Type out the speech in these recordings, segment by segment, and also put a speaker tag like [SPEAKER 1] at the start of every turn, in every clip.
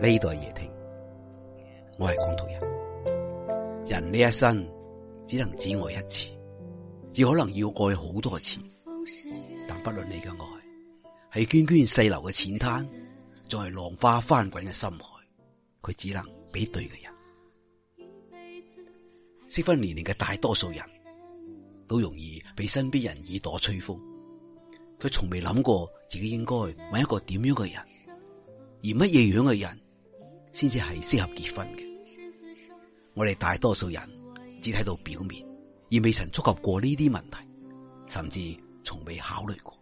[SPEAKER 1] 呢度係夜聽，我係廣東人。人呢一生只能只愛一次，要可能要愛好多次。但不論你嘅愛係涓涓細流嘅淺灘，仲係浪花翻滾嘅深海，佢只能俾對嘅人。適婚年齡嘅大多數人都容易俾身邊人耳朵吹風，佢從未諗過自己應該揾一個點樣嘅人，而乜嘢樣嘅人，先至係適合結婚嘅。我哋大多數人只睇到表面，而未曾觸及過呢啲問題，甚至從未考慮過。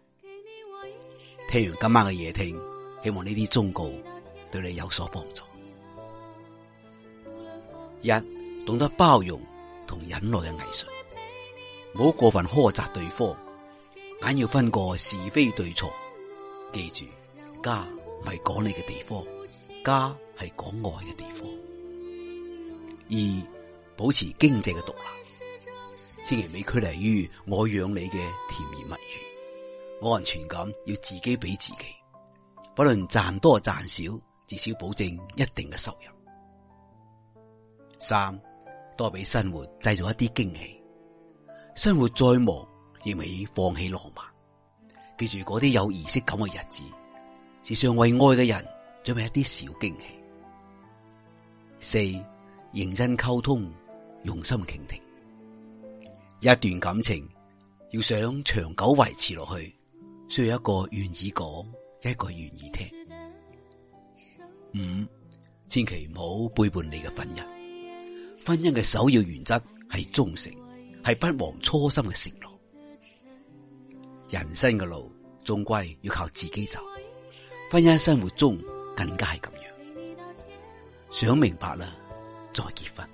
[SPEAKER 1] 聽完今晚嘅夜聽，希望呢啲忠告對你有所幫助。一，懂得包容同忍耐嘅藝術，唔好過分苛責對方，唔要分個是非對錯。記住，家唔係講你嘅地方。家係講愛嘅地方，二保持經濟嘅獨立，千祈未拘泥於我養你嘅甜言蜜語。安全感要自己俾自己，不論賺多賺少，至少保證一定嘅收入。三多俾生活製造一啲驚喜，生活再忙亦未放棄浪漫。記住嗰啲有儀式感嘅日子，時常為愛嘅人。準備一啲小驚喜。四、認真溝通，用心傾聽。一段感情要想長久維持落去，需要一個願意講，一個願意聽。五、千祈唔好背叛你嘅婚姻。婚姻嘅首要原則係忠誠，係不忘初心嘅承諾。人生嘅路，終歸要靠自己走。婚姻生活中，更加係咁樣，想明白啦，再結婚。